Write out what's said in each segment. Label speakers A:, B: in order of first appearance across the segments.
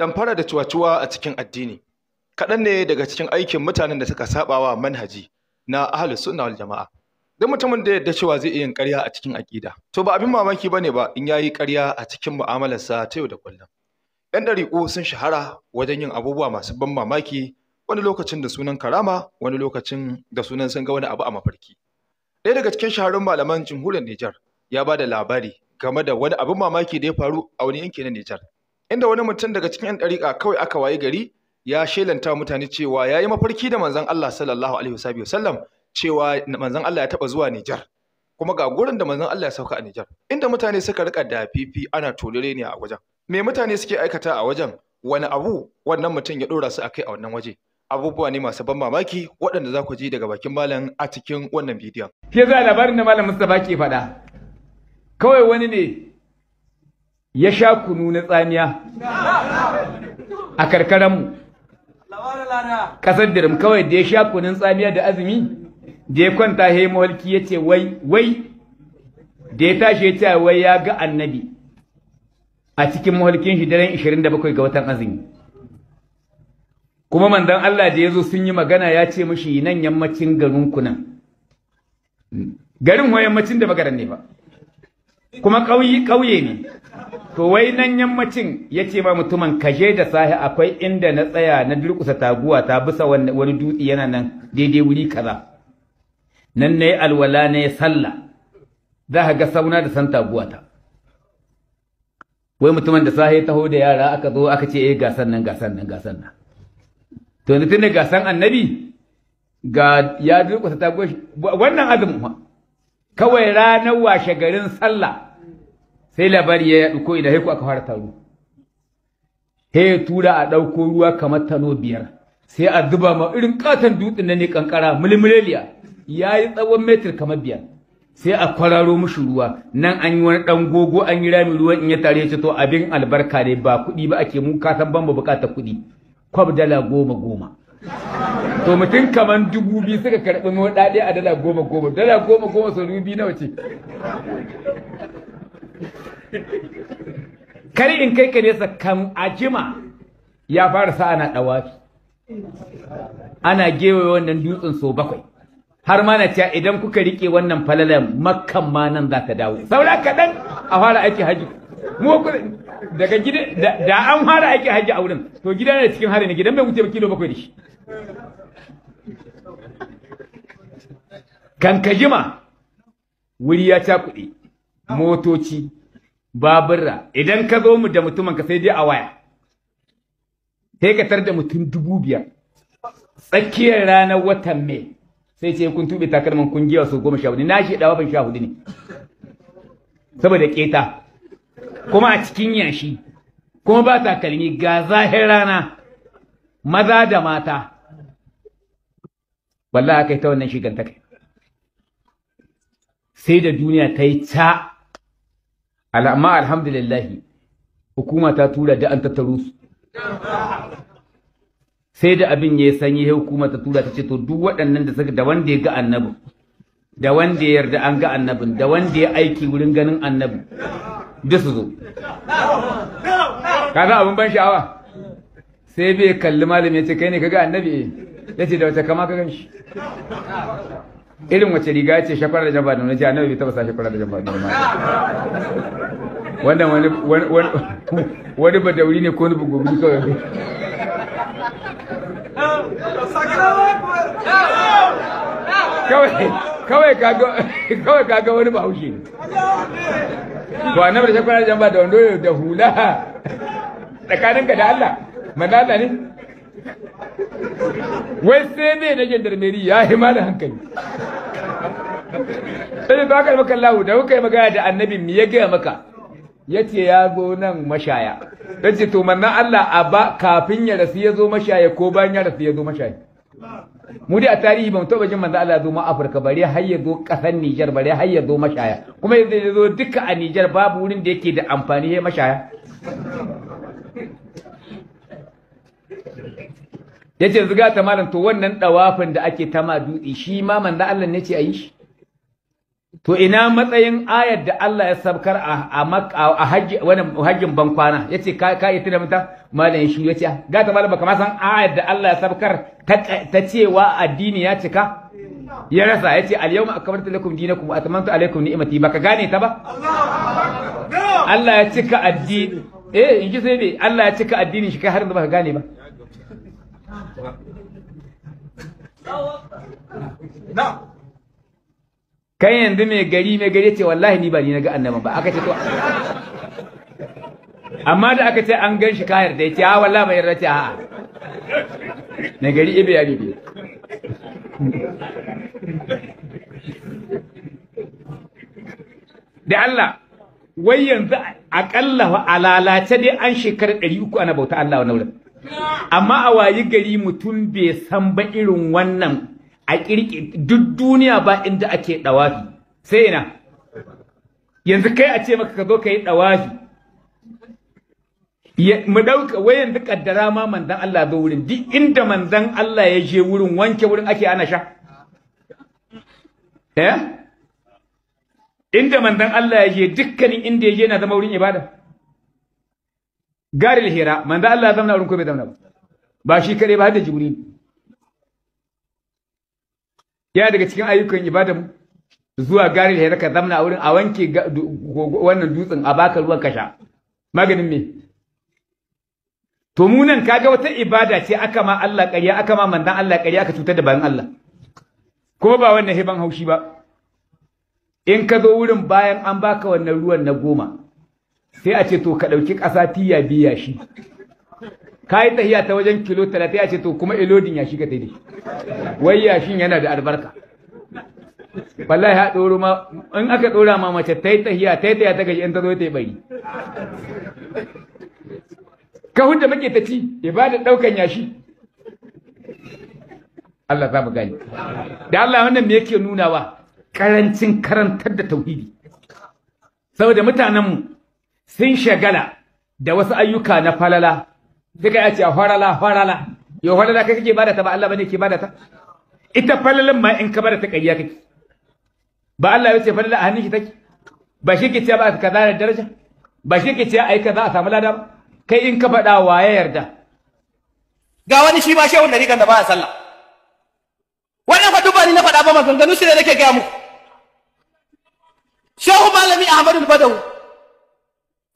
A: damfara da tuwatuwa a cikin addini kaɗan ne daga cikin aikin mutanen da suka saba wa manhaji na ahlus sunna wal jama'a duk mutumin da yadda cewa zai iya yin ƙarya a cikin aƙida to ba abin mamaki bane ba in yayi ƙarya a cikin mu'amalarsa ta yau da kullum yan ɗariƙo sun shahara wajen yin abubuwa masu ban mamaki wani lokacin da sunan karama wani lokacin da sunan sun ga wani abu a mafarki ɗaya daga cikin shaharun malaman jamhuriyar Nijar ya ba da labari game da wani abin mamaki da ya faru a wani yanki na Nijar inda wani mutum daga cikin 'yan ɗariƙa kawai aka waye gari ya shelanta mutane cewa ya yi mafarki da manzon Allah sallallahu alaihi wasallam cewa manzon Allah ya taɓa zuwa Nijar kuma ga gurin da manzan Allah ya sauka a Nijar inda mutane suka rika da fifi ana tolere ne a wajen me mutane suke aikata a wajen wani abu wannan mutum ya ɗora su akai a wannan waje abubuwa ne masu ban mamaki waɗanda za ku ji daga bakin malam a cikin wannan bidiyon. Ke za labarin da malam Mustapha ke faɗa. Kawai wani ne ya sha kunu na tsamiya a karkaranmu ƙasar dirim kawai da ya sha kunun tsamiya da azumi da ya kwanta ya mawalki ya ce wai wai da ya tashi ya ce wai ya ga annabi a cikin mawalkin shi daren 27 ga watan azumi kuma manzon Allah da ya zo sun yi magana ya ce mashi nan yammacin garin kunan garin wa yammacin da magaran ne ba kuma ƙauye ƙauye ne to wai nan yammacin ya ce ma mutumin kashe da sahi akwai inda na tsaya na durƙusa taguwa ta bisa wani dutse yana nan daidai wuri kaza nan na yi alwala na yi sallah za ka ga sauna da san taguwa ta wai mutumin da sahi taho da yara aka zo aka ce eh gasan nan gasan nan gasan nan to yanzu tun da gasan annabi ga ya durƙusa taguwa wannan azumin kawai ranar washe garin sallah sai labari ya yaɗu ko ina haiku aka fara taro he tura a ɗauko ruwa kamar tano biyar sai a zuba ma irin katon dutsen na ne kankara mulmuleliya ya yi tsawon metir kamar biyar sai a kwararo mushi ruwa nan an yi wani ɗan gogo an yi rami ruwan in ya tare ya to abin albarka ne ba kuɗi ba ake mu ka san ban buƙatar kuɗi kwab dala goma goma to mutum kaman dubu biyu suka karɓi mawaɗaɗe a dala goma goma dala goma goma sau dubu biyu nawa ce Kari in kai ka nesa kan ajima ya fara sa ana ɗawafi ana gewa wannan dutsen sau bakwai har ma na cewa idan kuka riƙe wannan falalan makkan ma nan za ta dawo saura kaɗan a fara aiki hajji mu daga gida da an fara aiki hajji a wurin to gida ne cikin hari ne gidan bai wuce ba kilo bakwai da shi kankajima wuri ya ca kuɗi motoci babura idan ka zo mu da mutumin ka sai dai a waya sai ka tar da mutum dubu biyar tsakiyar ranar watan mai sai ce kun tube takalman kungiyar giya su goma sha hudu na shi dawa ban sha hudu ne saboda keta kuma a cikin yashi kuma ba takalmi ga zahir rana maza da mata wallahi kai ta wannan shigan ta kai sai da duniya ta yi ta amma alhamdulillahi hukuma ta tura da an tattaro su sai da abin ya sanyi sai hukuma ta tura ta ce to duk waɗannan da suka da wanda ya ga annabin da wanda ya yarda an ga annabin da wanda ya aiki wurin ganin annabin duk su zo abin ban sha'awa sai bai kalli malam ya ce kai ne kaga annabi eh ya ce da wata kama ka ganshi irin wace riga ce shafar da jamba da nuna ce annabi bai taba sa shafar da jamba da wannan wani wani dauri ne ko wani bugogi kawai kawai kawai kaga wani haushi
B: ne
A: to annabi da shakwara jamba da wando da hula ka da Allah manala ne wai sai me na gendarmeri ya hima da hankali sai ba ka maka Allah da kai magana da annabi mi ya gaya maka ya ce ya zo nan mashaya ya ce to manna Allah a ba kafin ya rasu ya zo mashaya ko bayan ya rasu ya zo mashaya mu dai a tarihi bamu taba jin manzo Allah zo ma Afirka bare har ya zo kasar Niger bare har ya zo mashaya kuma yanzu ya zo duka a Niger babu wurin da yake da amfani ya mashaya yace zuga ta malam to wannan dawafin da ake tama dutse shi ma manzo Allah ne ce ayi shi to ina matsayin ayar da Allah ya sabkar a hajjin bankwana? Ya ce ka yi tuna mata malayin shi yace ga ta malam baka ma san ayar da Allah ya sabkar ta cewa addini ya cika ya rasa yace al yawma ta lakum dinakum wa atmamtu alaykum ni'mati baka gane ta ba Allah ya cika addini eh in ji sai ne Allah ya cika addini shi kai har yanzu baka gane ba na'am kai yanzu mai gari mai gari ce wallahi ni ba ni na ga annaban ba aka ce to amma da aka ce an gan shi ka yarda ya ce ha ah, wallahi bai ce ha mai gari ibe ya bibi da Allah wai yanzu akalla a lalace dai an shekarar ɗari uku ana bauta Allah wa nauran amma a wayi gari mutum bai san ba irin wannan a kirki duk duniya ba inda ake dawafi sai ina yanzu kai a ce maka ka zo ka yi dawafi mu dauka wai yanzu kaddara ma manzon Allah zo wurin duk inda manzon Allah ya je wurin wanke wurin ake ana sha eh inda manzon Allah ya je dukkanin inda ya je na zama wurin ibada garil hira manzon Allah ya zama wurin ko bai zama ba ba shi kare ba da jibril ya daga cikin ayyukan ibada zuwa gari da ka zamna a wurin a wanke wannan dutsen a baka ruwan kasha maganin me to mu nan kaga wata ibada ce aka ma Allah ƙarya aka ma mandan Allah ƙarya aka cutar da bayan Allah ko ba wannan hiban haushi ba in ka zo wurin bayan an baka wannan ruwan na goma sai a ce to ka ɗauki ƙasa tiya biya shi ka yi tahiya ta wajen kilo talatin ya ce to kuma ilodin ya shiga daidai wai yashin yana da albarka wallahi ha ɗoro ma in aka ɗora ma mace ta yi tahiya ta yi tahiya ta gaji in ta zo ta yi bari ka hujja muke ta ci ibada ɗaukan yashi Allah za mu gani da Allah wannan me yake nunawa karancin karantar da tauhidi saboda mutanenmu sun shagala da wasu ayyuka na falala sai kai a ce farala farala yo farala kai kake bada ta ba Allah bane ke bada ta ita falalan ma in ka bada ta ƙarya kake ba Allah ya ce falala a hannun shi take ba shi ke ce ba kaza zara daraja ba shi ke ce ai kaza a samu lada ba kai in ka faɗa wa ya yarda
B: ga wani shi ba wanda rigar da ba ya sallah wannan faɗu ba ni na faɗa ba maganganu shi ne nake gaya muku shehu malami Ahmadu badawu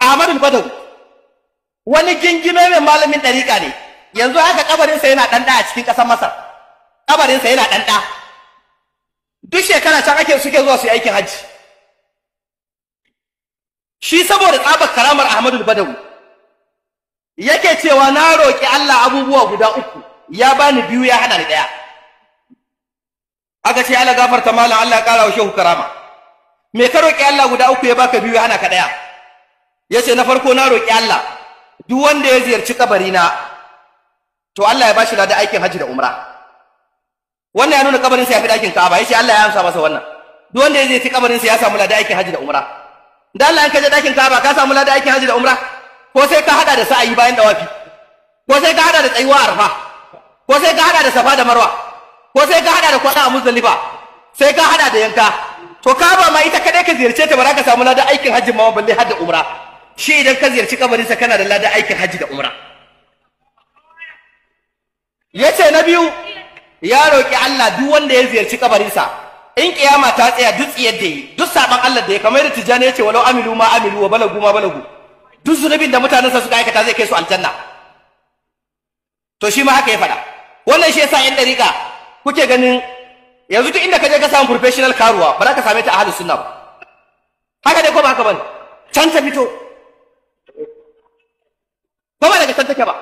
B: Ahmadu badawu wani gingime mai malamin ɗariƙa ne yanzu haka ƙabarinsa yana ɗanɗa a cikin ƙasar masar ƙabarinsa yana ɗanɗa duk shekara can ake suke zuwa su yi aikin hajji shi saboda tsabar karamar ahmadu badawu yake cewa na roƙi allah abubuwa guda uku ya bani biyu ya haɗa ni ɗaya aka ce allah gafarta malam allah ya ƙara wa shehu karama me ka roƙi allah guda uku ya baka biyu ya hana ka ɗaya ya ce na farko na roƙi allah duk wanda ya ziyarci kabarina to Allah ya bashi ladan aikin haji da umra wannan ya nuna kabarin sa ya fi dakin Ka'aba yace Allah ya amsa masa wannan duk wanda ya ziyarci kabarin sa ya samu ladan aikin haji da umra dan Allah in ka je dakin Ka'aba ka samu ladan aikin haji da umra ko sai ka hada da sa'ayi bayan dawafi ko sai ka hada da tsayuwa arfa ko sai ka hada da safa da marwa ko sai ka hada da kwana a muzdalifa sai ka hada da yanka to ba ma ita kadai ka ziyarce ta ba za ka samu ladan aikin hajji ma balle har da umra shi idan ka ziyarci kabarinsa kana da ladan aikin hajji da umra ce na biyu ya roƙi Allah duk wanda ya ziyarci kabarinsa in ƙiyama ta tsaya duk tsiyar da yi duk saɓan Allah da ya kamar da ya ce walau amilu ma amilu wa balagu ma balagu duk zunubin da mutanensa suka aikata zai kai su aljanna to shi ma haka ya faɗa wannan shi yasa yan dariƙa kuke ganin yanzu duk inda ka je ka samu professional karuwa ba za ka same ta a halin sunna ba haka dai ko ba haka can ta fito ba ba daga can take ba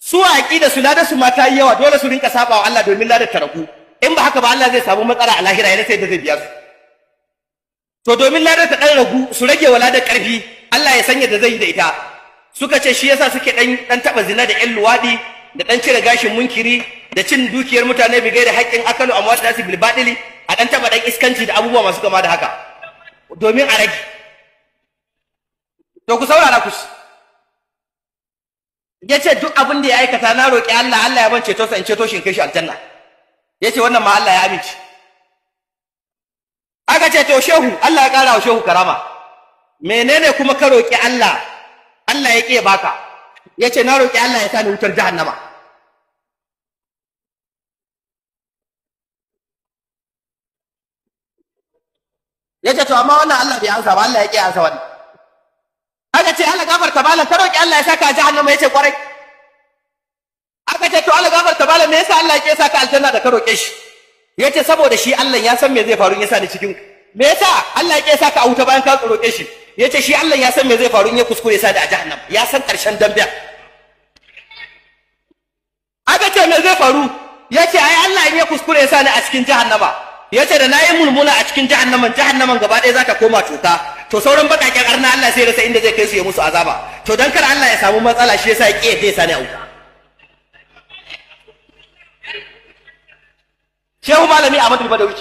B: su a aqida su lada su mata yawa dole su rinka sabawa Allah domin ladar ta ragu in ba haka ba Allah zai samu matsala a lahira yana sai da zai biya su to domin ladar ta dan ragu su rage wa ladar karfi Allah ya sanya da zai yi da ita suka ce shi yasa suke dan dan taba zina da ƴan luwaɗi da dan cire gashin munkiri da cin dukiyar mutane bigai da haƙƙin akalu amwat nasi bil badili a dan taba dan iskanci da abubuwa masu kama da haka domin a rage to ku saurara ku ya ce duk abin da ya aikata na roƙi Allah Allah ya ban ceto sa in ceto shi in kai shi aljanna ya ce wannan ma Allah ya amince aka ce to shehu Allah ya ƙara wa shehu karama menene kuma ka roƙi Allah Allah ya ƙe baka ya ce na roƙi Allah ya sani wutar jahannama ya ce to amma wannan Allah bai ansa ba Allah ya ƙi ansa wannan aka ce Allah gafarta malam ka roki Allah ya saka jahannama ce kwarai aka ce to Allah gafarta malam me yasa Allah sa saka aljanna da ka roke shi ya ce saboda shi Allah ya san me zai faru in ya sa ni cikin me yasa Allah ke saka a wuta bayan ka roke shi ya ce shi Allah ya san me zai faru in ya kuskure ya sa da jahannama ya san karshen dambiya aka ce me zai faru ya ce ai Allah in ya kuskure ya sa ni a cikin jahannama ce da nayi mulmula a cikin jahannaman jahannaman gaba ɗaya za ta koma cuta to sauran bakaken arna Allah sai rasa inda zai kai su ya musu azaba to don kar Allah ya samu matsala shi yasa ya ƙi yadda ya sani auku shehu malami Ahmad Badawi